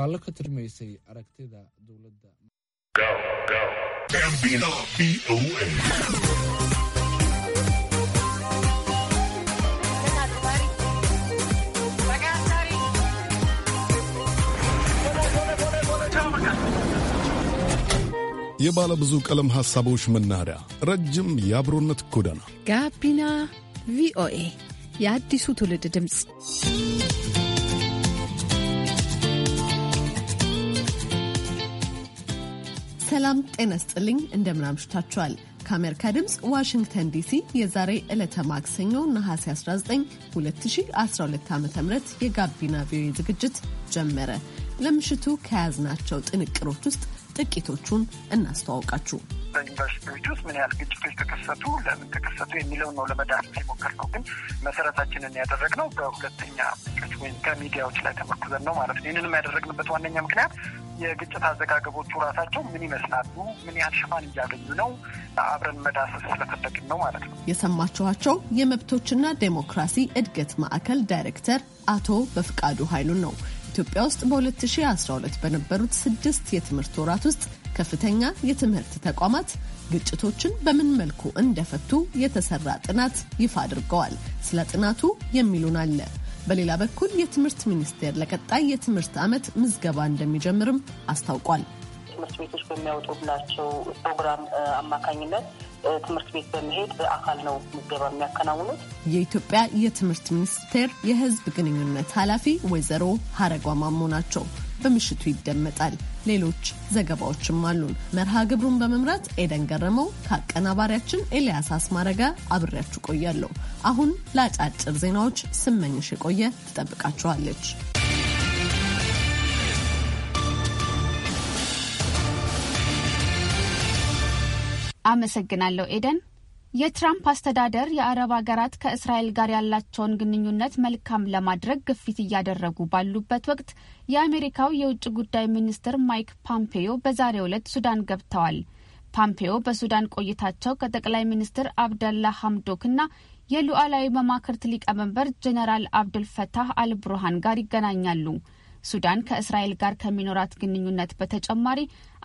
faallo ka turmaysay aragtida dowladda የባለ ብዙ ቀለም ሐሳቦች መናኸሪያ ረጅም የአብሮነት ጎዳና ጋቢና ቪኦኤ የአዲሱ ትውልድ ድምፅ ሰላም ጤና ስጥልኝ። እንደምናምሽታችኋል። ከአሜሪካ ድምፅ ዋሽንግተን ዲሲ የዛሬ ዕለተ ማክሰኞ ነሐሴ 19 2012 ዓ ም የጋቢና ቪኦኤ ዝግጅት ጀመረ። ለምሽቱ ከያዝናቸው ጥንቅሮች ውስጥ ጥቂቶቹን እናስተዋውቃችሁ። በዩኒቨርሲቲዎች ውስጥ ምን ያህል ግጭቶች ተከሰቱ፣ ለምን ተከሰቱ የሚለው ነው ለመዳሰስ የሞከርነው። ግን መሰረታችንን ያደረግነው በሁለተኛ ወይም ከሚዲያዎች ላይ ተመርኩዘን ነው ማለት ነው። ይህንንም ያደረግንበት ዋነኛ ምክንያት የግጭት አዘጋገቦቹ ራሳቸው ምን ይመስላሉ፣ ምን ያህል ሽፋን እያገኙ ነው፣ አብረን መዳሰስ ስለፈለግን ነው ማለት ነው። የሰማችኋቸው የመብቶችና ዴሞክራሲ እድገት ማዕከል ዳይሬክተር አቶ በፍቃዱ ኃይሉን ነው። ኢትዮጵያ ውስጥ በ2012 በነበሩት ስድስት የትምህርት ወራት ውስጥ ከፍተኛ የትምህርት ተቋማት ግጭቶችን በምን መልኩ እንደፈቱ የተሰራ ጥናት ይፋ አድርገዋል። ስለ ጥናቱ የሚሉን አለ። በሌላ በኩል የትምህርት ሚኒስቴር ለቀጣይ የትምህርት ዓመት ምዝገባ እንደሚጀምርም አስታውቋል። ትምህርት ቤቶች በሚያወጡላቸው ፕሮግራም አማካኝነት ትምህርት ቤት በመሄድ በአካል ነው ምገባ የሚያከናውኑት። የኢትዮጵያ የትምህርት ሚኒስቴር የሕዝብ ግንኙነት ኃላፊ ወይዘሮ ሀረጓ ማሞ ናቸው። በምሽቱ ይደመጣል። ሌሎች ዘገባዎችም አሉን። መርሃ ግብሩን በመምራት ኤደን ገረመው ከአቀናባሪያችን ኤልያስ አስማረ ጋር አብሬያችሁ ቆያለሁ። አሁን ለአጫጭር ዜናዎች ስመኝሽ የቆየ ትጠብቃችኋለች። አመሰግናለሁ ኤደን። የትራምፕ አስተዳደር የአረብ ሀገራት ከእስራኤል ጋር ያላቸውን ግንኙነት መልካም ለማድረግ ግፊት እያደረጉ ባሉበት ወቅት የአሜሪካው የውጭ ጉዳይ ሚኒስትር ማይክ ፖምፔዮ በዛሬው ዕለት ሱዳን ገብተዋል። ፓምፔዮ በሱዳን ቆይታቸው ከጠቅላይ ሚኒስትር አብደላ ሀምዶክና የሉዓላዊ መማክርት ሊቀመንበር ጄኔራል አብዱልፈታህ አልብሩሃን ጋር ይገናኛሉ። ሱዳን ከእስራኤል ጋር ከሚኖራት ግንኙነት በተጨማሪ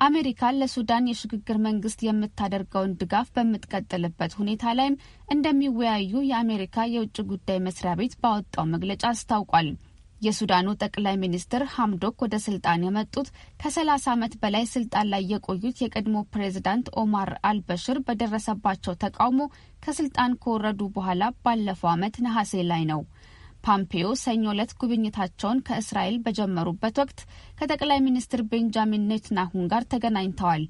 አሜሪካ ለሱዳን የሽግግር መንግስት የምታደርገውን ድጋፍ በምትቀጥልበት ሁኔታ ላይም እንደሚወያዩ የአሜሪካ የውጭ ጉዳይ መስሪያ ቤት ባወጣው መግለጫ አስታውቋል። የሱዳኑ ጠቅላይ ሚኒስትር ሐምዶክ ወደ ስልጣን የመጡት ከ30 ዓመት በላይ ስልጣን ላይ የቆዩት የቀድሞ ፕሬዚዳንት ኦማር አልበሽር በደረሰባቸው ተቃውሞ ከስልጣን ከወረዱ በኋላ ባለፈው ዓመት ነሐሴ ላይ ነው። ፓምፔዮ ሰኞ ዕለት ጉብኝታቸውን ከእስራኤል በጀመሩበት ወቅት ከጠቅላይ ሚኒስትር ቤንጃሚን ኔትናሁን ጋር ተገናኝተዋል።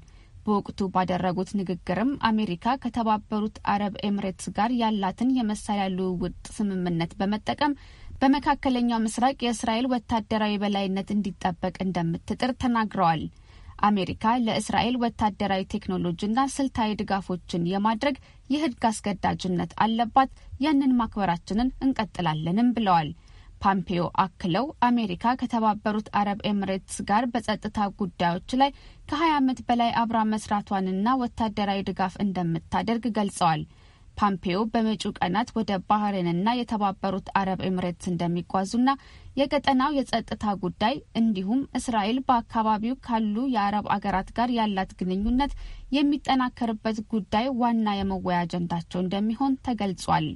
በወቅቱ ባደረጉት ንግግርም አሜሪካ ከተባበሩት አረብ ኤምሬትስ ጋር ያላትን የመሳሪያ ልውውጥ ስምምነት በመጠቀም በመካከለኛው ምስራቅ የእስራኤል ወታደራዊ በላይነት እንዲጠበቅ እንደምትጥር ተናግረዋል። አሜሪካ ለእስራኤል ወታደራዊ ቴክኖሎጂና ስልታዊ ድጋፎችን የማድረግ የህግ አስገዳጅነት አለባት፣ ያንን ማክበራችንን እንቀጥላለንም ብለዋል። ፓምፔዮ አክለው አሜሪካ ከተባበሩት አረብ ኤምሬትስ ጋር በጸጥታ ጉዳዮች ላይ ከ20 ዓመት በላይ አብራ መስራቷንና ወታደራዊ ድጋፍ እንደምታደርግ ገልጸዋል። ፓምፔዮ በመጪው ቀናት ወደ ባህሬንና የተባበሩት አረብ ኤምሬትስ እንደሚጓዙና የቀጠናው የጸጥታ ጉዳይ እንዲሁም እስራኤል በአካባቢው ካሉ የአረብ አገራት ጋር ያላት ግንኙነት የሚጠናከርበት ጉዳይ ዋና የመወያ አጀንዳቸው እንደሚሆን ተገልጿል።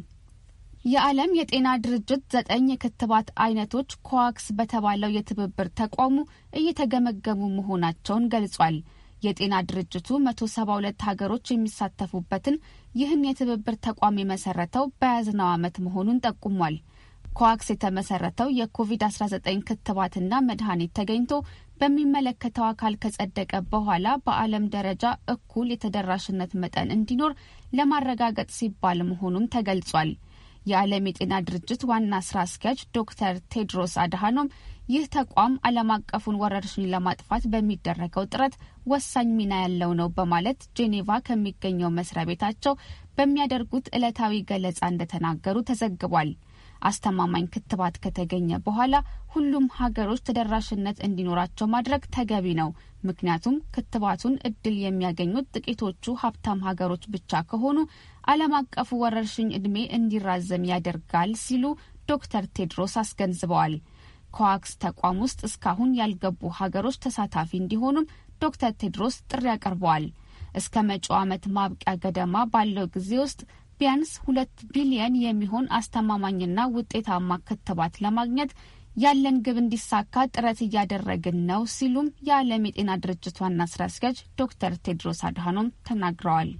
የዓለም የጤና ድርጅት ዘጠኝ የክትባት አይነቶች ኮዋክስ በተባለው የትብብር ተቋሙ እየተገመገሙ መሆናቸውን ገልጿል። የጤና ድርጅቱ መቶ ሰባ ሁለት ሀገሮች የሚሳተፉበትን ይህን የትብብር ተቋም የመሰረተው በያዝነው ዓመት መሆኑን ጠቁሟል። ኮዋክስ የተመሰረተው የኮቪድ-19 ክትባትና መድኃኒት ተገኝቶ በሚመለከተው አካል ከጸደቀ በኋላ በዓለም ደረጃ እኩል የተደራሽነት መጠን እንዲኖር ለማረጋገጥ ሲባል መሆኑም ተገልጿል። የዓለም የጤና ድርጅት ዋና ስራ አስኪያጅ ዶክተር ቴድሮስ አድሃኖም ይህ ተቋም ዓለም አቀፉን ወረርሽኝ ለማጥፋት በሚደረገው ጥረት ወሳኝ ሚና ያለው ነው በማለት ጄኔቫ ከሚገኘው መስሪያ ቤታቸው በሚያደርጉት ዕለታዊ ገለጻ እንደተናገሩ ተዘግቧል። አስተማማኝ ክትባት ከተገኘ በኋላ ሁሉም ሀገሮች ተደራሽነት እንዲኖራቸው ማድረግ ተገቢ ነው። ምክንያቱም ክትባቱን እድል የሚያገኙት ጥቂቶቹ ሀብታም ሀገሮች ብቻ ከሆኑ ዓለም አቀፉ ወረርሽኝ እድሜ እንዲራዘም ያደርጋል ሲሉ ዶክተር ቴድሮስ አስገንዝበዋል። ከዋክስ ተቋም ውስጥ እስካሁን ያልገቡ ሀገሮች ተሳታፊ እንዲሆኑም ዶክተር ቴድሮስ ጥሪ አቅርበዋል። እስከ መጪው ዓመት ማብቂያ ገደማ ባለው ጊዜ ውስጥ ቢያንስ ሁለት ቢሊየን የሚሆን አስተማማኝና ውጤታማ ክትባት ለማግኘት ያለን ግብ እንዲሳካ ጥረት እያደረግን ነው ሲሉም የዓለም የጤና ድርጅት ዋና ስራ አስኪያጅ ዶክተር ቴድሮስ አድሃኖም ተናግረዋል።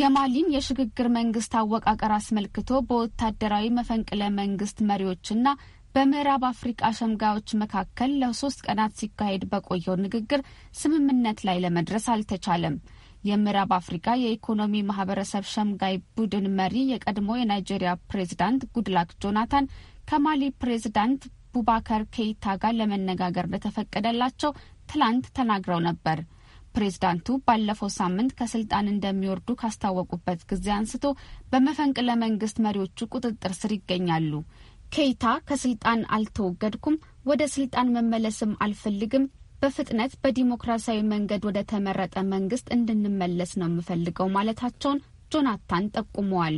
የማሊን የሽግግር መንግስት አወቃቀር አስመልክቶ በወታደራዊ መፈንቅለ መንግስት መሪዎችና በምዕራብ አፍሪቃ ሸምጋዮች መካከል ለሶስት ቀናት ሲካሄድ በቆየው ንግግር ስምምነት ላይ ለመድረስ አልተቻለም። የምዕራብ አፍሪካ የኢኮኖሚ ማህበረሰብ ሸምጋይ ቡድን መሪ የቀድሞ የናይጄሪያ ፕሬዚዳንት ጉድላክ ጆናታን ከማሊ ፕሬዚዳንት ቡባከር ኬይታ ጋር ለመነጋገር እንደተፈቀደላቸው ትላንት ተናግረው ነበር። ፕሬዝዳንቱ ባለፈው ሳምንት ከስልጣን እንደሚወርዱ ካስታወቁበት ጊዜ አንስቶ በመፈንቅለ መንግስት መሪዎቹ ቁጥጥር ስር ይገኛሉ። ኬይታ ከስልጣን አልተወገድኩም፣ ወደ ስልጣን መመለስም አልፈልግም በፍጥነት በዲሞክራሲያዊ መንገድ ወደ ተመረጠ መንግስት እንድንመለስ ነው የምፈልገው ማለታቸውን ጆናታን ጠቁመዋል።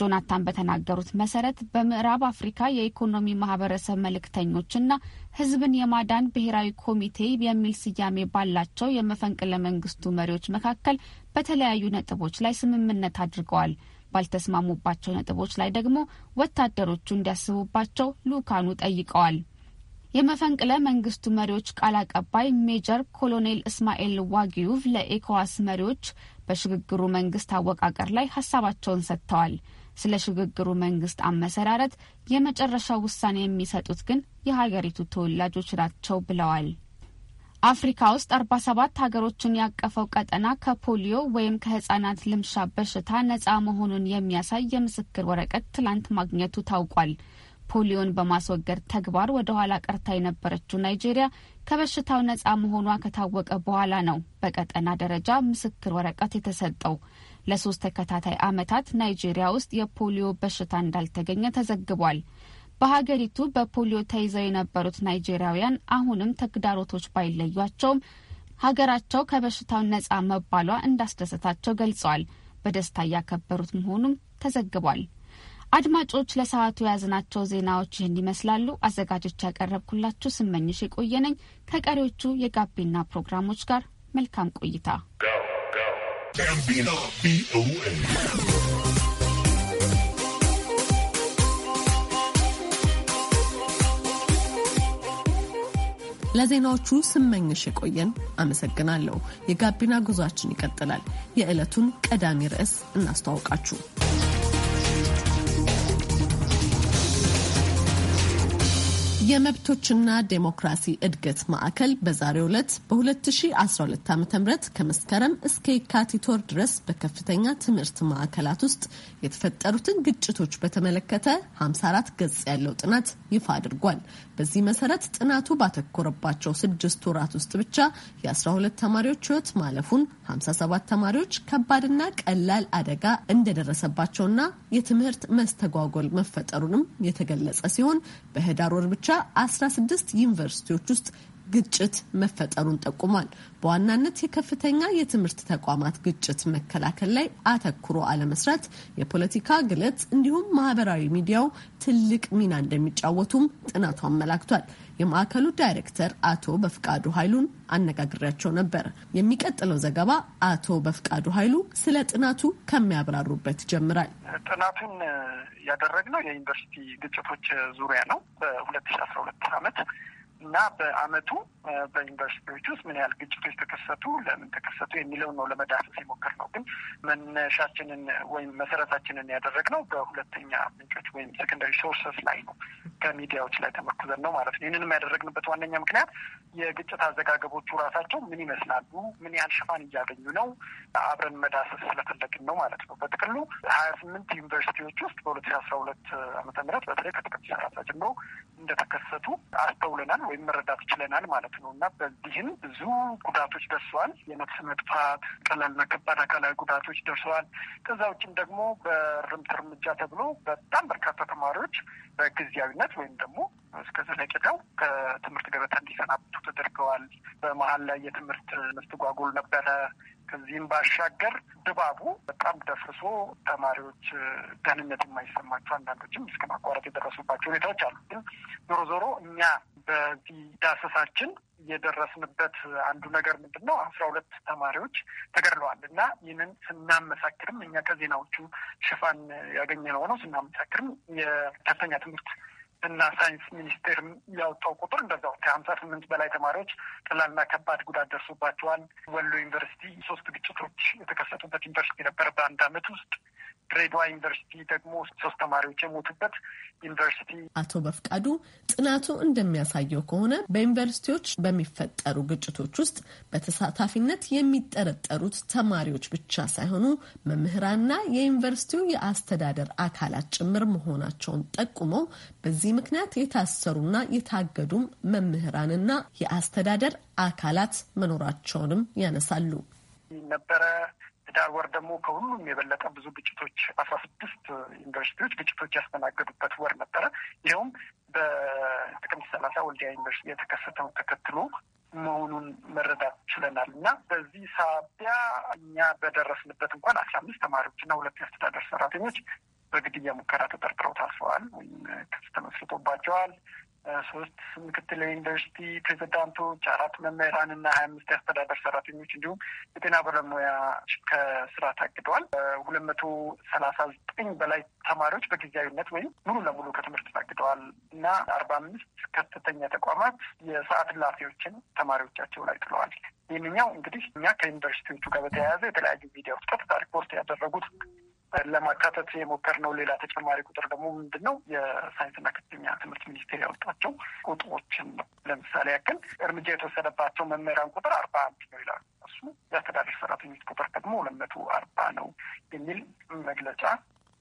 ጆናታን በተናገሩት መሰረት በምዕራብ አፍሪካ የኢኮኖሚ ማህበረሰብ መልእክተኞችና ህዝብን የማዳን ብሔራዊ ኮሚቴ የሚል ስያሜ ባላቸው የመፈንቅለ መንግስቱ መሪዎች መካከል በተለያዩ ነጥቦች ላይ ስምምነት አድርገዋል። ባልተስማሙባቸው ነጥቦች ላይ ደግሞ ወታደሮቹ እንዲያስቡባቸው ልኡካኑ ጠይቀዋል። የመፈንቅለ መንግስቱ መሪዎች ቃል አቀባይ ሜጀር ኮሎኔል እስማኤል ዋጊዩቭ ለኤኮዋስ መሪዎች በሽግግሩ መንግስት አወቃቀር ላይ ሀሳባቸውን ሰጥተዋል። ስለ ሽግግሩ መንግስት አመሰራረት የመጨረሻ ውሳኔ የሚሰጡት ግን የሀገሪቱ ተወላጆች ናቸው ብለዋል። አፍሪካ ውስጥ አርባ ሰባት ሀገሮችን ያቀፈው ቀጠና ከፖሊዮ ወይም ከህጻናት ልምሻ በሽታ ነጻ መሆኑን የሚያሳይ የምስክር ወረቀት ትላንት ማግኘቱ ታውቋል። ፖሊዮን በማስወገድ ተግባር ወደ ኋላ ቀርታ የነበረችው ናይጄሪያ ከበሽታው ነጻ መሆኗ ከታወቀ በኋላ ነው በቀጠና ደረጃ ምስክር ወረቀት የተሰጠው። ለሶስት ተከታታይ ዓመታት ናይጄሪያ ውስጥ የፖሊዮ በሽታ እንዳልተገኘ ተዘግቧል። በሀገሪቱ በፖሊዮ ተይዘው የነበሩት ናይጄሪያውያን አሁንም ተግዳሮቶች ባይለዩቸውም ሀገራቸው ከበሽታው ነጻ መባሏ እንዳስደሰታቸው ገልጸዋል። በደስታ እያከበሩት መሆኑም ተዘግቧል። አድማጮች ለሰዓቱ የያዝናቸው ዜናዎች ይህን ይመስላሉ። አዘጋጆች ያቀረብኩላችሁ ስመኝሽ የቆየነኝ ከቀሪዎቹ የጋቢና ፕሮግራሞች ጋር መልካም ቆይታ። ለዜናዎቹ ስመኝሽ የቆየን አመሰግናለሁ። የጋቢና ጉዟችን ይቀጥላል። የዕለቱን ቀዳሚ ርዕስ እናስተዋውቃችሁ። የመብቶችና ዴሞክራሲ እድገት ማዕከል በዛሬው ዕለት በ2012 ዓ ም ከመስከረም እስከ የካቲት ወር ድረስ በከፍተኛ ትምህርት ማዕከላት ውስጥ የተፈጠሩትን ግጭቶች በተመለከተ 54 ገጽ ያለው ጥናት ይፋ አድርጓል። በዚህ መሰረት ጥናቱ ባተኮረባቸው ስድስት ወራት ውስጥ ብቻ የ12 ተማሪዎች ህይወት ማለፉን፣ 57 ተማሪዎች ከባድና ቀላል አደጋ እንደደረሰባቸውና የትምህርት መስተጓጎል መፈጠሩንም የተገለጸ ሲሆን በህዳር ወር ብቻ 16 ዩኒቨርሲቲዎች ውስጥ ግጭት መፈጠሩን ጠቁሟል። በዋናነት የከፍተኛ የትምህርት ተቋማት ግጭት መከላከል ላይ አተኩሮ አለመስራት፣ የፖለቲካ ግለት እንዲሁም ማህበራዊ ሚዲያው ትልቅ ሚና እንደሚጫወቱም ጥናቱ አመላክቷል። የማዕከሉ ዳይሬክተር አቶ በፍቃዱ ኃይሉን አነጋግሬያቸው ነበር። የሚቀጥለው ዘገባ አቶ በፍቃዱ ኃይሉ ስለ ጥናቱ ከሚያብራሩበት ይጀምራል። ጥናቱን ያደረግነው የዩኒቨርሲቲ ግጭቶች ዙሪያ ነው። በሁለት ሺ አስራ ሁለት ዓመት እና በአመቱ በዩኒቨርሲቲዎች ውስጥ ምን ያህል ግጭቶች ተከሰቱ፣ ለምን ተከሰቱ የሚለው ነው ለመዳሰስ ነው ግን መነሻችንን ወይም መሰረታችንን ያደረግነው በሁለተኛ ምንጮች ወይም ሴኮንዳሪ ሶርሰስ ላይ ነው፣ ከሚዲያዎች ላይ ተመርኩዘን ነው ማለት ነው። ይህንንም ያደረግንበት ዋነኛ ምክንያት የግጭት አዘጋገቦቹ ራሳቸው ምን ይመስላሉ፣ ምን ያህል ሽፋን እያገኙ ነው፣ አብረን መዳሰስ ስለፈለግን ነው ማለት ነው። በጥቅሉ ሀያ ስምንት ዩኒቨርሲቲዎች ውስጥ በሁለት ሺ አስራ ሁለት አመተ ምህረት በተለይ ከጥቅምት ሰላሳ ጀምሮ እንደተከሰቱ አስተውለናል ወይም መረዳት ችለናል ማለት ነው እና በዚህም ብዙ ጉዳቶች ደርሰዋል። የነፍስ መጥፋት፣ ቀላልና ከባድ አካላዊ ጉዳቶች ደርሰዋል። ከዛ ውጭም ደግሞ በርምት እርምጃ ተብሎ በጣም በርካታ ተማሪዎች በጊዜያዊነት ወይም ደግሞ እስከ ዘለቄታው ከትምህርት ገበታ እንዲሰናብቱ ተደርገዋል። በመሀል ላይ የትምህርት መስተጓጎል ነበረ። ከዚህም ባሻገር ድባቡ በጣም ደፍርሶ ተማሪዎች ደህንነት የማይሰማቸው አንዳንዶችም እስከ ማቋረጥ የደረሱባቸው ሁኔታዎች አሉ። ግን ዞሮ ዞሮ እኛ በዚህ ዳሰሳችን የደረስንበት አንዱ ነገር ምንድን ነው? አስራ ሁለት ተማሪዎች ተገድለዋል እና ይህንን ስናመሳክርም እኛ ከዜናዎቹ ሽፋን ያገኘነው ነው። ስናመሳክርም የከፍተኛ ትምህርት እና ሳይንስ ሚኒስቴር ያወጣው ቁጥር እንደዛው ከሀምሳ ስምንት በላይ ተማሪዎች ቀላልና ከባድ ጉዳት ደርሶባቸዋል። ወሎ ዩኒቨርሲቲ ሶስት ግጭቶች የተከሰቱበት ዩኒቨርሲቲ ነበር በአንድ አመት ውስጥ ድሬዳዋ ዩኒቨርሲቲ ደግሞ ሶስት ተማሪዎች የሞቱበት ዩኒቨርሲቲ። አቶ በፍቃዱ ጥናቱ እንደሚያሳየው ከሆነ በዩኒቨርሲቲዎች በሚፈጠሩ ግጭቶች ውስጥ በተሳታፊነት የሚጠረጠሩት ተማሪዎች ብቻ ሳይሆኑ መምህራንና የዩኒቨርሲቲው የአስተዳደር አካላት ጭምር መሆናቸውን ጠቁመው በዚህ ምክንያት የታሰሩና የታገዱም መምህራንና የአስተዳደር አካላት መኖራቸውንም ያነሳሉ ነበረ ህዳር ወር ደግሞ ከሁሉም የበለጠ ብዙ ግጭቶች አስራ ስድስት ዩኒቨርሲቲዎች ግጭቶች ያስተናገዱበት ወር ነበረ። ይኸውም በጥቅምት ሰላሳ ወልዲያ ዩኒቨርሲቲ የተከሰተው ተከትሎ መሆኑን መረዳት ችለናል እና በዚህ ሳቢያ እኛ በደረስንበት እንኳን አስራ አምስት ተማሪዎችና ሁለት የአስተዳደር ሰራተኞች በግድያ ሙከራ ተጠርጥረው ታስረዋል ወይም ክስ ተመስርቶባቸዋል። ሶስት ምክትል ዩኒቨርሲቲ ፕሬዚዳንቶች፣ አራት መምህራን እና ሀያ አምስት የአስተዳደር ሰራተኞች እንዲሁም የጤና ባለሙያ ከስራ ታግደዋል። ሁለት መቶ ሰላሳ ዘጠኝ በላይ ተማሪዎች በጊዜያዊነት ወይም ሙሉ ለሙሉ ከትምህርት ታግደዋል እና አርባ አምስት ከፍተኛ ተቋማት የሰዓት እላፊዎችን ተማሪዎቻቸው ላይ ጥለዋል። ይህንኛው እንግዲህ እኛ ከዩኒቨርሲቲዎቹ ጋር በተያያዘ የተለያዩ ሚዲያዎች ቀጥታ ሪፖርት ያደረጉት ለማካተት ነው ሌላ ተጨማሪ ቁጥር ደግሞ ምንድን ነው የሳይንስና ከፍተኛ ትምህርት ሚኒስቴር ያወጣቸው ቁጥሮችን ነው። ለምሳሌ ያክል እርምጃ የተወሰደባቸው መምህራን ቁጥር አርባ አንድ ነው ይላሉ። እሱ የአስተዳደር ሰራተኞች ቁጥር ደግሞ ሁለት መቶ አርባ ነው የሚል መግለጫ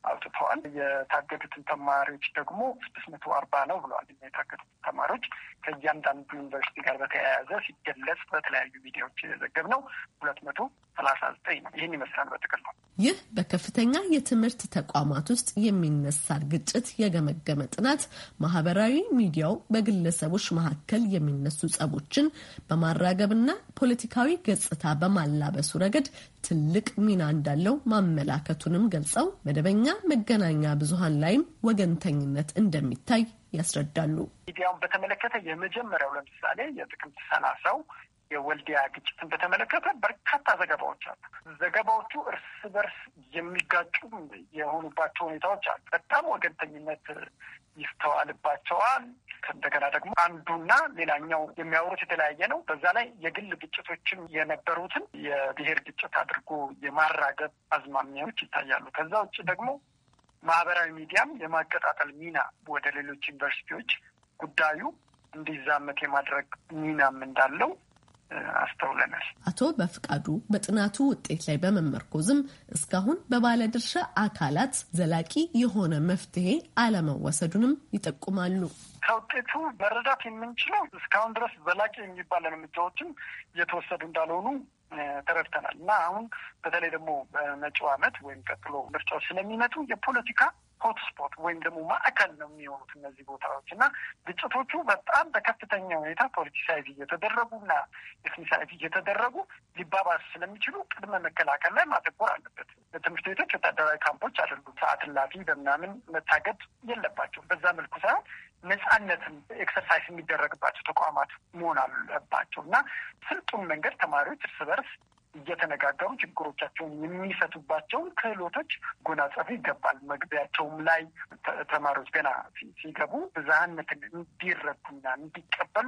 አውጥተዋል። የታገዱትን ተማሪዎች ደግሞ ስድስት መቶ አርባ ነው ብለዋል። የታገዱትን ተማሪዎች ከእያንዳንዱ ዩኒቨርሲቲ ጋር በተያያዘ ሲገለጽ በተለያዩ ሚዲያዎች የዘገብ ነው ሁለት መቶ ሰላሳ ዘጠኝ ነው። ይህን ይመስላል በጥቅል ነው። ይህ በከፍተኛ የትምህርት ተቋማት ውስጥ የሚነሳል ግጭት የገመገመ ጥናት ማህበራዊ ሚዲያው በግለሰቦች መካከል የሚነሱ ጸቦችን በማራገብና ፖለቲካዊ ገጽታ በማላበሱ ረገድ ትልቅ ሚና እንዳለው ማመላከቱንም ገልጸው መደበኛ መገናኛ ብዙሀን ላይም ወገንተኝነት እንደሚታይ ያስረዳሉ። ሚዲያውን በተመለከተ የመጀመሪያው ለምሳሌ የጥቅምት ሰላሳው የወልዲያ ግጭትን በተመለከተ በርካታ ዘገባዎች አሉ። ዘገባዎቹ እርስ በርስ የሚጋጩ የሆኑባቸው ሁኔታዎች አሉ። በጣም ወገንተኝነት ይስተዋልባቸዋል። እንደገና ደግሞ አንዱና ሌላኛው የሚያወሩት የተለያየ ነው። በዛ ላይ የግል ግጭቶችም የነበሩትን የብሔር ግጭት አድርጎ የማራገብ አዝማሚያዎች ይታያሉ። ከዛ ውጭ ደግሞ ማህበራዊ ሚዲያም የማቀጣጠል ሚና ወደ ሌሎች ዩኒቨርሲቲዎች ጉዳዩ እንዲዛመት የማድረግ ሚናም እንዳለው አስተውለናል። አቶ በፍቃዱ በጥናቱ ውጤት ላይ በመመርኮዝም እስካሁን በባለድርሻ አካላት ዘላቂ የሆነ መፍትሄ አለመወሰዱንም ይጠቁማሉ። ከውጤቱ መረዳት የምንችለው እስካሁን ድረስ ዘላቂ የሚባል እርምጃዎችን እየተወሰዱ እንዳልሆኑ ተረድተናል እና አሁን በተለይ ደግሞ በመጪው ዓመት ወይም ቀጥሎ ምርጫዎች ስለሚመጡ የፖለቲካ ሆትስፖት ወይም ደግሞ ማዕከል ነው የሚሆኑት እነዚህ ቦታዎች እና ግጭቶቹ በጣም በከፍተኛ ሁኔታ ፖለቲሳይዝ እየተደረጉ እና ኤትኒሳይዝ እየተደረጉ ሊባባስ ስለሚችሉ ቅድመ መከላከል ላይ ማተኮር አለበት። ትምህርት ቤቶች ወታደራዊ ካምፖች አይደሉም። ሰዓት እላፊ በምናምን መታገድ የለባቸውም። በዛ መልኩ ሳይሆን ነጻነትን ኤክሰርሳይዝ የሚደረግባቸው ተቋማት መሆን አለባቸው እና ስልጡን መንገድ ተማሪዎች እርስ በርስ እየተነጋገሩ ችግሮቻቸውን የሚፈቱባቸውን ክህሎቶች ጎናጸፉ ይገባል። መግቢያቸውም ላይ ተማሪዎች ገና ሲገቡ ብዝሃነትን እንዲረዱና እንዲቀበሉ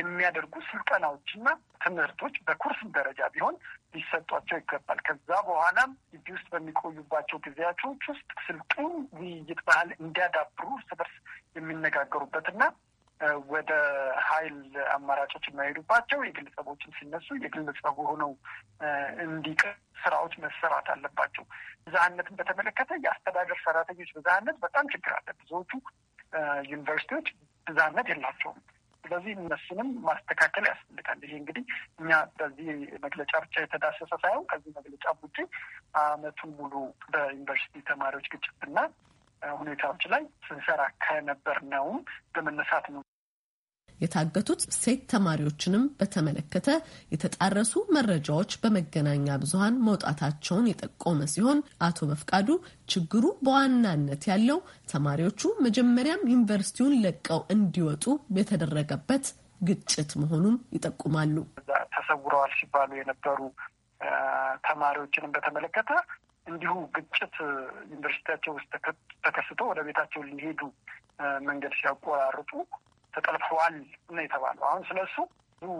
የሚያደርጉ ስልጠናዎችና ትምህርቶች በኩርስ ደረጃ ቢሆን ሊሰጧቸው ይገባል። ከዛ በኋላም ግቢ ውስጥ በሚቆዩባቸው ጊዜያቸዎች ውስጥ ስልጡን ውይይት ባህል እንዲያዳብሩ እርስ በርስ የሚነጋገሩበትና ወደ ኃይል አማራጮች የማይሄዱባቸው የግለሰቦችን ሲነሱ የግል ሆነው እንዲቀር ስራዎች መሰራት አለባቸው። ብዝሃነትን በተመለከተ የአስተዳደር ሰራተኞች ብዝሃነት በጣም ችግር አለ። ብዙዎቹ ዩኒቨርሲቲዎች ብዝሃነት የላቸውም። ስለዚህ እነሱንም ማስተካከል ያስፈልጋል። ይሄ እንግዲህ እኛ በዚህ መግለጫ ብቻ የተዳሰሰ ሳይሆን ከዚህ መግለጫ ውጪ አመቱን ሙሉ በዩኒቨርሲቲ ተማሪዎች ግጭትና ሁኔታዎች ላይ ስንሰራ ከነበር ነውም በመነሳት ነው የታገቱት ሴት ተማሪዎችንም በተመለከተ የተጣረሱ መረጃዎች በመገናኛ ብዙኃን መውጣታቸውን የጠቆመ ሲሆን አቶ በፍቃዱ ችግሩ በዋናነት ያለው ተማሪዎቹ መጀመሪያም ዩኒቨርሲቲውን ለቀው እንዲወጡ የተደረገበት ግጭት መሆኑን ይጠቁማሉ። ተሰውረዋል ሲባሉ የነበሩ ተማሪዎችንም በተመለከተ እንዲሁ ግጭት ዩኒቨርሲቲያቸው ውስጥ ተከስቶ ወደ ቤታቸው ሊሄዱ መንገድ ሲያቆራርጡ ተጠልፈዋል ነው የተባለው። አሁን ስለሱ ብዙ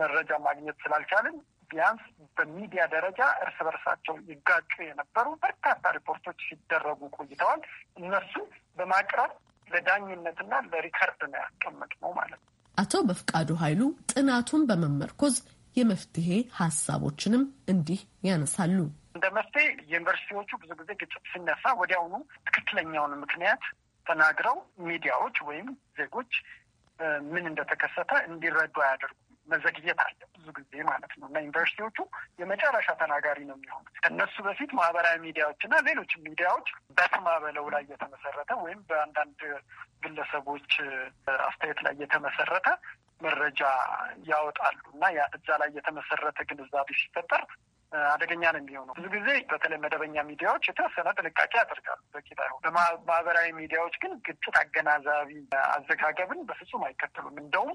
መረጃ ማግኘት ስላልቻልን ቢያንስ በሚዲያ ደረጃ እርስ በርሳቸው ይጋጩ የነበሩ በርካታ ሪፖርቶች ሲደረጉ ቆይተዋል። እነሱን በማቅረብ ለዳኝነትና ለሪከርድ ነው ያስቀመጥነው ማለት ነው። አቶ በፍቃዱ ኃይሉ ጥናቱን በመመርኮዝ የመፍትሄ ሀሳቦችንም እንዲህ ያነሳሉ። እንደ መፍትሄ ዩኒቨርሲቲዎቹ ብዙ ጊዜ ግጭት ሲነሳ ወዲያውኑ ትክክለኛውን ምክንያት ተናግረው ሚዲያዎች ወይም ዜጎች ምን እንደተከሰተ እንዲረዱ አያደርጉም። መዘግየት አለ ብዙ ጊዜ ማለት ነው እና ዩኒቨርሲቲዎቹ የመጨረሻ ተናጋሪ ነው የሚሆኑ። ከእነሱ በፊት ማህበራዊ ሚዲያዎች እና ሌሎች ሚዲያዎች በስማ በለው ላይ የተመሰረተ ወይም በአንዳንድ ግለሰቦች አስተያየት ላይ የተመሰረተ መረጃ ያወጣሉ እና እዛ ላይ የተመሰረተ ግንዛቤ ሲፈጠር አደገኛ ነው የሚሆነው። ብዙ ጊዜ በተለይ መደበኛ ሚዲያዎች የተወሰነ ጥንቃቄ ያደርጋሉ፣ በቂ ባይሆን። በማህበራዊ ሚዲያዎች ግን ግጭት አገናዛቢ አዘጋገብን በፍጹም አይከተሉም። እንደውም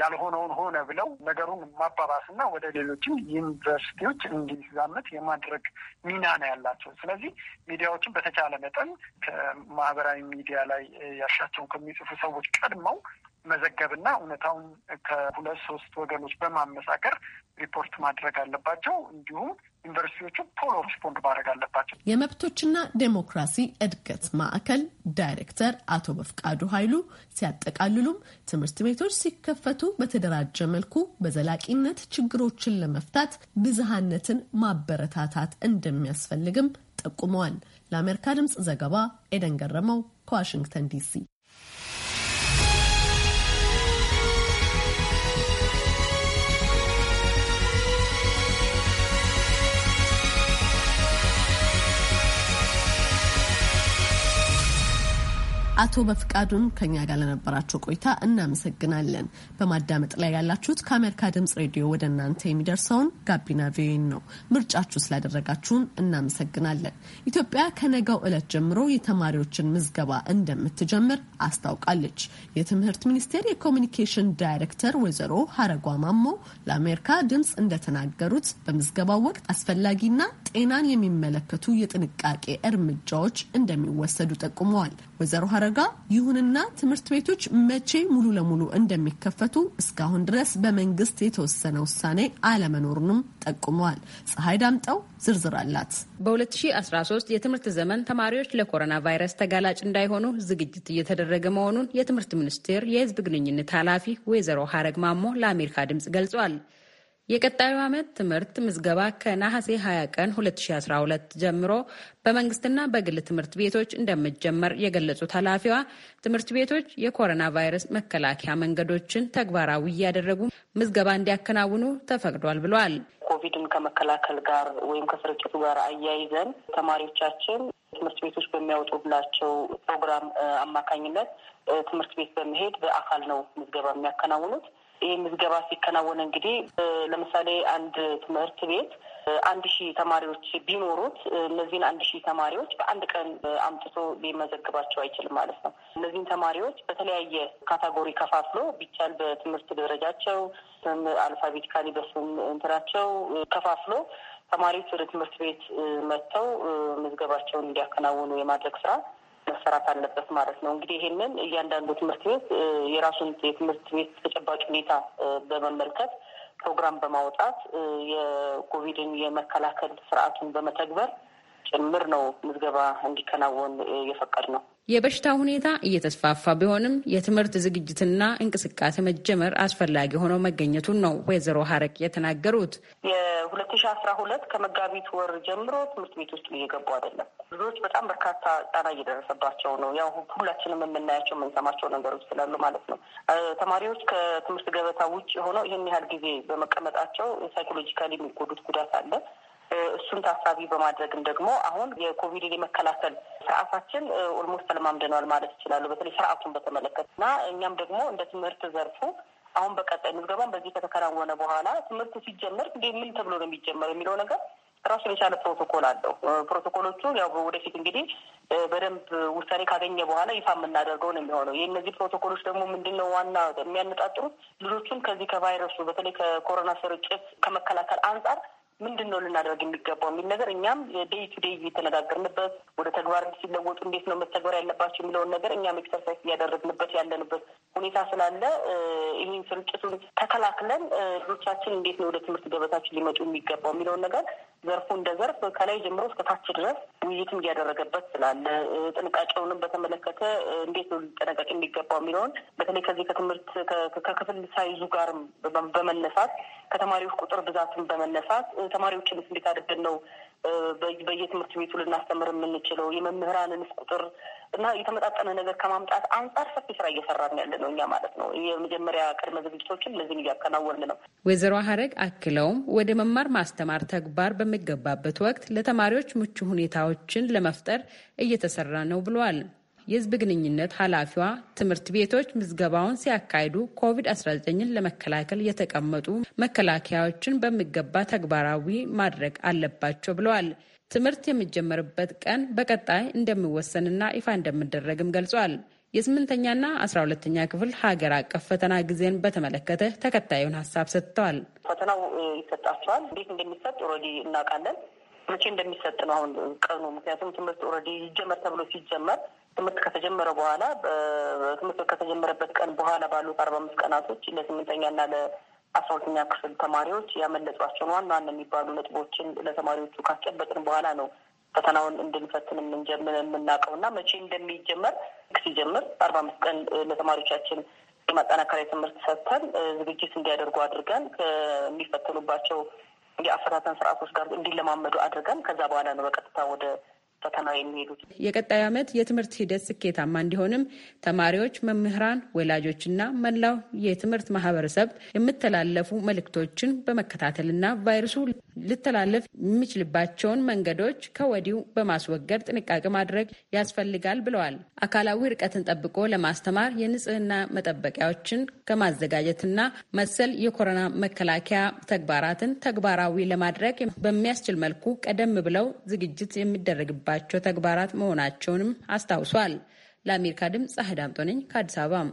ያልሆነውን ሆነ ብለው ነገሩን ማባባስና ወደ ሌሎችም ዩኒቨርሲቲዎች እንዲዛመት የማድረግ ሚና ነው ያላቸው። ስለዚህ ሚዲያዎችን በተቻለ መጠን ከማህበራዊ ሚዲያ ላይ ያሻቸውን ከሚጽፉ ሰዎች ቀድመው መዘገብና እውነታውን ከሁለት ሶስት ወገኖች በማመሳከር ሪፖርት ማድረግ አለባቸው። እንዲሁም ዩኒቨርሲቲዎቹ ቶሎ ሪስፖንድ ማድረግ አለባቸው። የመብቶችና ዴሞክራሲ እድገት ማዕከል ዳይሬክተር አቶ በፍቃዱ ኃይሉ ሲያጠቃልሉም ትምህርት ቤቶች ሲከፈቱ በተደራጀ መልኩ በዘላቂነት ችግሮችን ለመፍታት ብዝሃነትን ማበረታታት እንደሚያስፈልግም ጠቁመዋል። ለአሜሪካ ድምፅ ዘገባ ኤደን ገረመው ከዋሽንግተን ዲሲ አቶ በፍቃዱን ከኛ ጋር ለነበራቸው ቆይታ እናመሰግናለን። በማዳመጥ ላይ ያላችሁት ከአሜሪካ ድምጽ ሬዲዮ ወደ እናንተ የሚደርሰውን ጋቢና ቪኦኤን ነው። ምርጫችሁ ስላደረጋችሁን እናመሰግናለን። ኢትዮጵያ ከነገው ዕለት ጀምሮ የተማሪዎችን ምዝገባ እንደምትጀምር አስታውቃለች። የትምህርት ሚኒስቴር የኮሚኒኬሽን ዳይሬክተር ወይዘሮ ሀረጓ ማሞ ለአሜሪካ ድምጽ እንደተናገሩት በምዝገባው ወቅት አስፈላጊና ጤናን የሚመለከቱ የጥንቃቄ እርምጃዎች እንደሚወሰዱ ጠቁመዋል። ወይዘሮ አረጋ። ይሁንና ትምህርት ቤቶች መቼ ሙሉ ለሙሉ እንደሚከፈቱ እስካሁን ድረስ በመንግስት የተወሰነ ውሳኔ አለመኖሩንም ጠቁመዋል። ፀሐይ ዳምጠው ዝርዝር አላት። በ2013 የትምህርት ዘመን ተማሪዎች ለኮሮና ቫይረስ ተጋላጭ እንዳይሆኑ ዝግጅት እየተደረገ መሆኑን የትምህርት ሚኒስቴር የህዝብ ግንኙነት ኃላፊ ወይዘሮ ሀረግ ማሞ ለአሜሪካ ድምጽ ገልጿል። የቀጣዩ ዓመት ትምህርት ምዝገባ ከነሐሴ 20 ቀን 2012 ጀምሮ በመንግስትና በግል ትምህርት ቤቶች እንደሚጀመር የገለጹት ኃላፊዋ ትምህርት ቤቶች የኮሮና ቫይረስ መከላከያ መንገዶችን ተግባራዊ እያደረጉ ምዝገባ እንዲያከናውኑ ተፈቅዷል ብሏል። ኮቪድን ከመከላከል ጋር ወይም ከስርጭቱ ጋር አያይዘን ተማሪዎቻችን ትምህርት ቤቶች በሚያወጡላቸው ፕሮግራም አማካኝነት ትምህርት ቤት በመሄድ በአካል ነው ምዝገባ የሚያከናውኑት። ይህ ምዝገባ ሲከናወን እንግዲህ ለምሳሌ አንድ ትምህርት ቤት አንድ ሺህ ተማሪዎች ቢኖሩት እነዚህን አንድ ሺህ ተማሪዎች በአንድ ቀን አምጥቶ ሊመዘግባቸው አይችልም ማለት ነው። እነዚህን ተማሪዎች በተለያየ ካታጎሪ ከፋፍሎ ቢቻል በትምህርት ደረጃቸው አልፋቤቲካሊ በስም እንትናቸው ከፋፍሎ ተማሪዎች ወደ ትምህርት ቤት መጥተው ምዝገባቸውን እንዲያከናውኑ የማድረግ ስራ መሰራት አለበት ማለት ነው። እንግዲህ ይህንን እያንዳንዱ ትምህርት ቤት የራሱን የትምህርት ቤት ተጨባጭ ሁኔታ በመመልከት ፕሮግራም በማውጣት የኮቪድን የመከላከል ስርዓቱን በመተግበር ጭምር ነው ምዝገባ እንዲከናወን የፈቀድ ነው። የበሽታ ሁኔታ እየተስፋፋ ቢሆንም የትምህርት ዝግጅትና እንቅስቃሴ መጀመር አስፈላጊ ሆነው መገኘቱን ነው ወይዘሮ ሀረቅ የተናገሩት። የሁለት ሺ አስራ ሁለት ከመጋቢት ወር ጀምሮ ትምህርት ቤት ውስጥ እየገቡ አይደለም። ብዙዎች በጣም በርካታ ጫና እየደረሰባቸው ነው። ያው ሁላችንም የምናያቸው የምንሰማቸው ነገሮች ስላሉ ማለት ነው። ተማሪዎች ከትምህርት ገበታ ውጭ ሆነው ይህን ያህል ጊዜ በመቀመጣቸው ሳይኮሎጂካሊ የሚጎዱት ጉዳት አለ። እሱን ታሳቢ በማድረግም ደግሞ አሁን የኮቪድን የመከላከል ስርዓታችን ኦልሞስት ተለማምደነዋል ማለት ይችላሉ። በተለይ ስርዓቱን በተመለከተ እና እኛም ደግሞ እንደ ትምህርት ዘርፉ አሁን በቀጣይ ምዝገባን በዚህ ከተከናወነ በኋላ ትምህርቱ ሲጀመር እንደ ምን ተብሎ ነው የሚጀመር የሚለው ነገር ራሱን የቻለ ፕሮቶኮል አለው። ፕሮቶኮሎቹ ያው ወደፊት እንግዲህ በደንብ ውሳኔ ካገኘ በኋላ ይፋ የምናደርገው ነው የሚሆነው። የእነዚህ ፕሮቶኮሎች ደግሞ ምንድን ነው ዋና የሚያነጣጥሩት ልጆቹን ከዚህ ከቫይረሱ በተለይ ከኮሮና ስርጭት ከመከላከል አንጻር ምንድን ነው ልናደርግ የሚገባው የሚል ነገር እኛም ዴይ ቱ ዴይ እየተነጋገርንበት ወደ ተግባር ሲለወጡ እንዴት ነው መተግበር ያለባቸው የሚለውን ነገር እኛም ኤክሰርሳይዝ እያደረግንበት ያለንበት ሁኔታ ስላለ ይህን ስርጭቱን ተከላክለን ልጆቻችን እንዴት ነው ወደ ትምህርት ገበታችን ሊመጡ የሚገባው የሚለውን ነገር ዘርፉ እንደ ዘርፍ ከላይ ጀምሮ እስከ ታች ድረስ ውይይትም እያደረገበት ስላለ ጥንቃቄውንም በተመለከተ እንዴት ነው ሊጠነቀቅ የሚገባው የሚለውን በተለይ ከዚህ ከትምህርት ከክፍል ሳይዙ ጋርም በመነሳት ከተማሪዎች ቁጥር ብዛትም በመነሳት ተማሪዎችን እንዴት አድርገን ነው በየትምህርት ቤቱ ልናስተምር የምንችለው? የመምህራንንስ ቁጥር እና የተመጣጠነ ነገር ከማምጣት አንጻር ሰፊ ስራ እየሰራን ያለ ነው እኛ ማለት ነው። የመጀመሪያ ቅድመ ዝግጅቶችን ለዚህም እያከናወን ነው። ወይዘሮ ሀረግ አክለውም ወደ መማር ማስተማር ተግባር በሚገባበት ወቅት ለተማሪዎች ምቹ ሁኔታዎችን ለመፍጠር እየተሰራ ነው ብለዋል። የህዝብ ግንኙነት ኃላፊዋ ትምህርት ቤቶች ምዝገባውን ሲያካሂዱ ኮቪድ-19ን ለመከላከል የተቀመጡ መከላከያዎችን በሚገባ ተግባራዊ ማድረግ አለባቸው ብለዋል። ትምህርት የሚጀመርበት ቀን በቀጣይ እንደሚወሰንና ይፋ እንደሚደረግም ገልጿል። የስምንተኛና አስራ ሁለተኛ ክፍል ሀገር አቀፍ ፈተና ጊዜን በተመለከተ ተከታዩን ሀሳብ ሰጥተዋል። ፈተናው ይሰጣቸዋል። እንዴት እንደሚሰጥ ኦልሬዲ እናውቃለን። መቼ እንደሚሰጥ ነው አሁን ቀኑ። ምክንያቱም ትምህርት ኦልሬዲ ይጀመር ተብሎ ሲጀመር ትምህርት ከተጀመረ በኋላ ትምህርት ከተጀመረበት ቀን በኋላ ባሉት አርባ አምስት ቀናቶች ለስምንተኛና ለአስራ ሁለተኛ ክፍል ተማሪዎች ያመለጧቸውን ዋና ዋና የሚባሉ ነጥቦችን ለተማሪዎቹ ካስጨበጥን በኋላ ነው ፈተናውን እንድንፈትን የምንጀምር የምናውቀው እና መቼ እንደሚጀመር ሲጀምር አርባ አምስት ቀን ለተማሪዎቻችን የማጠናከሪያ ትምህርት ሰጥተን ዝግጅት እንዲያደርጉ አድርገን ከሚፈተኑባቸው የአፈታተን ስርዓቶች ጋር እንዲለማመዱ አድርገን ከዛ በኋላ ነው በቀጥታ ወደ ፈተና የሚሄዱት። የቀጣይ ዓመት የትምህርት ሂደት ስኬታማ እንዲሆንም ተማሪዎች፣ መምህራን፣ ወላጆችና መላው የትምህርት ማህበረሰብ የምተላለፉ መልእክቶችን በመከታተልና ቫይረሱ ልተላለፍ የሚችልባቸውን መንገዶች ከወዲሁ በማስወገድ ጥንቃቄ ማድረግ ያስፈልጋል ብለዋል። አካላዊ ርቀትን ጠብቆ ለማስተማር የንጽህና መጠበቂያዎችን ከማዘጋጀትና መሰል የኮሮና መከላከያ ተግባራትን ተግባራዊ ለማድረግ በሚያስችል መልኩ ቀደም ብለው ዝግጅት የሚደረግባቸው የሚጠይቃቸው ተግባራት መሆናቸውንም አስታውሷል። ለአሜሪካ ድምፅ ፀሐይ ዳምጦ ነኝ ከአዲስ አበባ።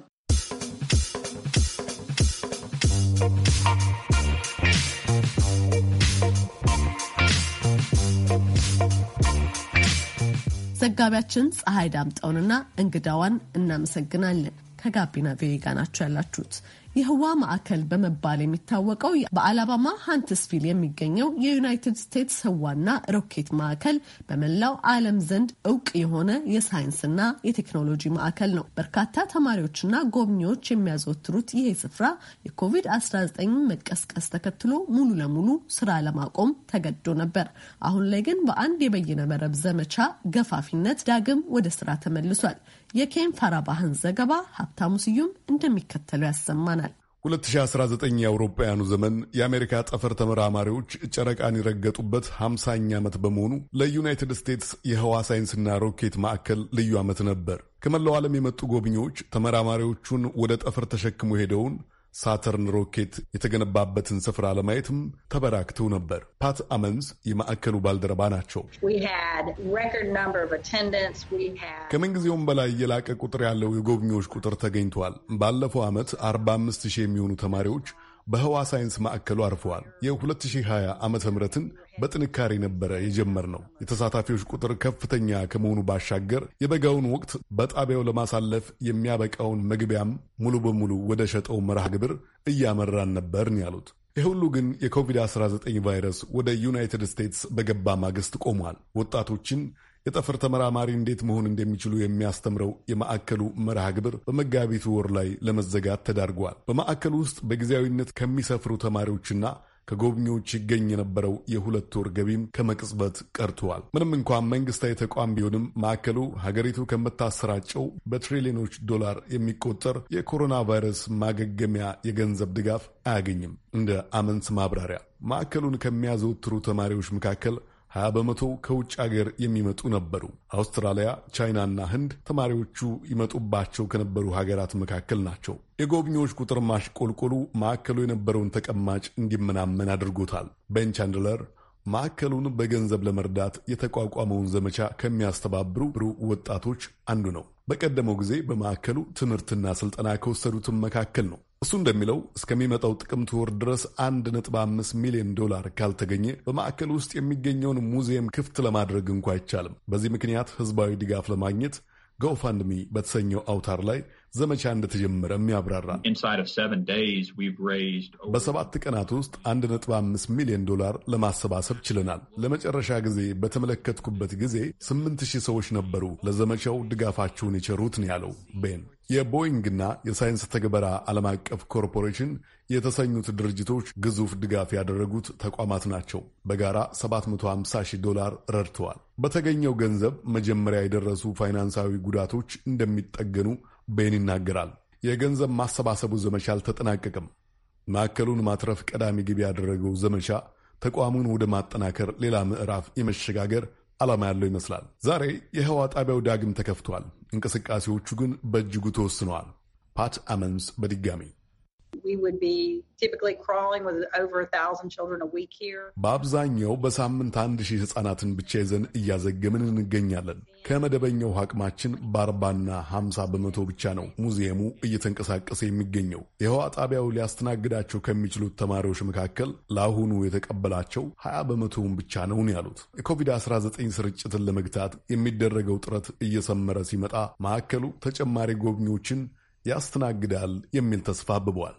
ዘጋቢያችን ፀሐይ ዳምጠውንና እንግዳዋን እናመሰግናለን። ከጋቢና ቪኦኤ ጋር ናቸው ያላችሁት። የህዋ ማዕከል በመባል የሚታወቀው በአላባማ ሀንትስቪል የሚገኘው የዩናይትድ ስቴትስ ህዋና ሮኬት ማዕከል በመላው ዓለም ዘንድ እውቅ የሆነ የሳይንስና የቴክኖሎጂ ማዕከል ነው። በርካታ ተማሪዎችና ጎብኚዎች የሚያዘወትሩት ይሄ ስፍራ የኮቪድ-19 መቀስቀስ ተከትሎ ሙሉ ለሙሉ ስራ ለማቆም ተገዶ ነበር። አሁን ላይ ግን በአንድ የበይነ መረብ ዘመቻ ገፋፊነት ዳግም ወደ ስራ ተመልሷል። የኬን ፋራባህን ዘገባ ሀብታሙ ስዩም እንደሚከተለው ያሰማናል። 2019 የአውሮፓውያኑ ዘመን የአሜሪካ ጠፈር ተመራማሪዎች ጨረቃን የረገጡበት 50ኛ ዓመት በመሆኑ ለዩናይትድ ስቴትስ የህዋ ሳይንስና ሮኬት ማዕከል ልዩ ዓመት ነበር። ከመላው ዓለም የመጡ ጎብኚዎች ተመራማሪዎቹን ወደ ጠፈር ተሸክሞ ሄደውን ሳተርን ሮኬት የተገነባበትን ስፍራ ለማየትም ተበራክተው ነበር። ፓት አመንስ የማዕከሉ ባልደረባ ናቸው። ከምንጊዜውም በላይ የላቀ ቁጥር ያለው የጎብኚዎች ቁጥር ተገኝቷል። ባለፈው ዓመት 45 ሺህ የሚሆኑ ተማሪዎች በህዋ ሳይንስ ማዕከሉ አርፈዋል። የ2020 ዓመተ ምሕረትን በጥንካሬ ነበረ የጀመር ነው። የተሳታፊዎች ቁጥር ከፍተኛ ከመሆኑ ባሻገር የበጋውን ወቅት በጣቢያው ለማሳለፍ የሚያበቃውን መግቢያም ሙሉ በሙሉ ወደ ሸጠው መርሃ ግብር እያመራን ነበርን ያሉት ይህ ሁሉ ግን የኮቪድ-19 ቫይረስ ወደ ዩናይትድ ስቴትስ በገባ ማግስት ቆሟል። ወጣቶችን የጠፈር ተመራማሪ እንዴት መሆን እንደሚችሉ የሚያስተምረው የማዕከሉ መርሃ ግብር በመጋቢቱ ወር ላይ ለመዘጋት ተዳርጓል። በማዕከሉ ውስጥ በጊዜያዊነት ከሚሰፍሩ ተማሪዎችና ከጎብኚዎች ይገኝ የነበረው የሁለት ወር ገቢም ከመቅጽበት ቀርተዋል። ምንም እንኳን መንግስታዊ ተቋም ቢሆንም ማዕከሉ ሀገሪቱ ከምታሰራጨው በትሪሊዮኖች ዶላር የሚቆጠር የኮሮና ቫይረስ ማገገሚያ የገንዘብ ድጋፍ አያገኝም። እንደ አመንት ማብራሪያ ማዕከሉን ከሚያዘወትሩ ተማሪዎች መካከል ሀያ በመቶ ከውጭ ሀገር የሚመጡ ነበሩ። አውስትራሊያ፣ ቻይናና ህንድ ተማሪዎቹ ይመጡባቸው ከነበሩ ሀገራት መካከል ናቸው። የጎብኚዎች ቁጥር ማሽቆልቆሉ ማዕከሉ የነበረውን ተቀማጭ እንዲመናመን አድርጎታል። ቤን ቻንድለር ማዕከሉን በገንዘብ ለመርዳት የተቋቋመውን ዘመቻ ከሚያስተባብሩ ወጣቶች አንዱ ነው። በቀደመው ጊዜ በማዕከሉ ትምህርትና ስልጠና ከወሰዱትም መካከል ነው። እሱ እንደሚለው እስከሚመጣው ጥቅምት ወር ድረስ 1.5 ሚሊዮን ዶላር ካልተገኘ በማዕከል ውስጥ የሚገኘውን ሙዚየም ክፍት ለማድረግ እንኳ አይቻልም። በዚህ ምክንያት ህዝባዊ ድጋፍ ለማግኘት ጎፋንድሚ በተሰኘው አውታር ላይ ዘመቻ እንደተጀመረም ያብራራል። በሰባት ቀናት ውስጥ 1.5 ሚሊዮን ዶላር ለማሰባሰብ ችለናል። ለመጨረሻ ጊዜ በተመለከትኩበት ጊዜ 8000 ሰዎች ነበሩ ለዘመቻው ድጋፋችሁን የቸሩት ነው ያለው ቤን። የቦይንግና የሳይንስ ተግበራ ዓለም አቀፍ ኮርፖሬሽን የተሰኙት ድርጅቶች ግዙፍ ድጋፍ ያደረጉት ተቋማት ናቸው። በጋራ 750 ሺህ ዶላር ረድተዋል። በተገኘው ገንዘብ መጀመሪያ የደረሱ ፋይናንሳዊ ጉዳቶች እንደሚጠገኑ ቤን ይናገራል። የገንዘብ ማሰባሰቡ ዘመቻ አልተጠናቀቅም። ማዕከሉን ማትረፍ ቀዳሚ ግብ ያደረገው ዘመቻ ተቋሙን ወደ ማጠናከር ሌላ ምዕራፍ የመሸጋገር ዓላማ ያለው ይመስላል። ዛሬ የህዋ ጣቢያው ዳግም ተከፍቷል። እንቅስቃሴዎቹ ግን በእጅጉ ተወስነዋል። ፓት አመንስ በድጋሚ በአብዛኛው በሳምንት አንድ ሺህ ህጻናትን ብቻ ይዘን እያዘገምን እንገኛለን። ከመደበኛው አቅማችን በአርባና ሀምሳ በመቶ ብቻ ነው ሙዚየሙ እየተንቀሳቀሰ የሚገኘው። የህዋ ጣቢያው ሊያስተናግዳቸው ከሚችሉት ተማሪዎች መካከል ለአሁኑ የተቀበላቸው ሀያ በመቶውን ብቻ ነውን ያሉት የኮቪድ-19 ስርጭትን ለመግታት የሚደረገው ጥረት እየሰመረ ሲመጣ ማዕከሉ ተጨማሪ ጎብኚዎችን ያስተናግዳል የሚል ተስፋ አብቧል።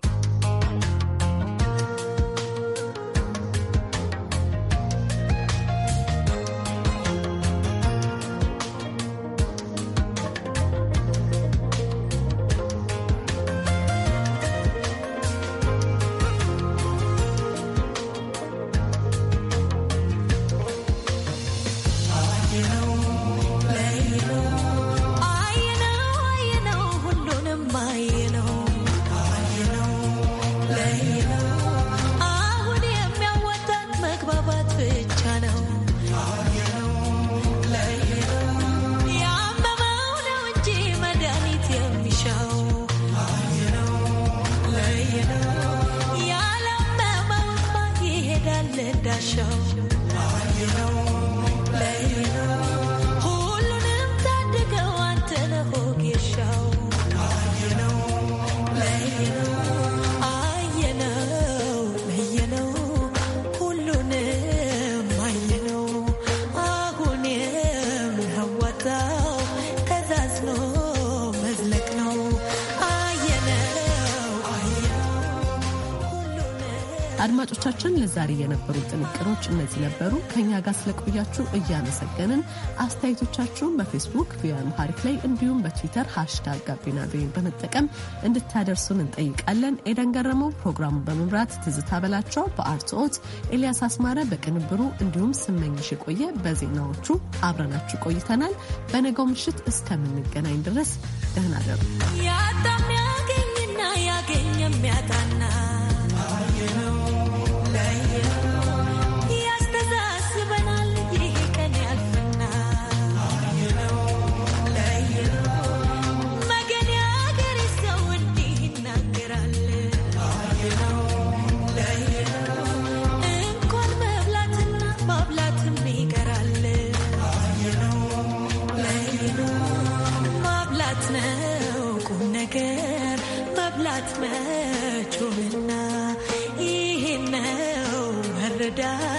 special. የነበሩ ጥንቅሮች እነዚህ ነበሩ። ከኛ ጋር ስለቆያችሁ እያመሰገንን አስተያየቶቻችሁን በፌስቡክ ቪኦኤ አምሃሪክ ላይ እንዲሁም በትዊተር ሃሽታግ ጋቢና ቪኦኤን በመጠቀም እንድታደርሱን እንጠይቃለን። ኤደን ገረመው ፕሮግራሙን በመምራት ትዝታ በላቸው በአርትኦት ኤልያስ አስማረ በቅንብሩ እንዲሁም ስመኝሽ የቆየ በዜናዎቹ አብረናችሁ ቆይተናል። በነገው ምሽት እስከምንገናኝ ድረስ ደህና ደሩ። ያጣም ያገኝና ያገኝ የሚያጣ dah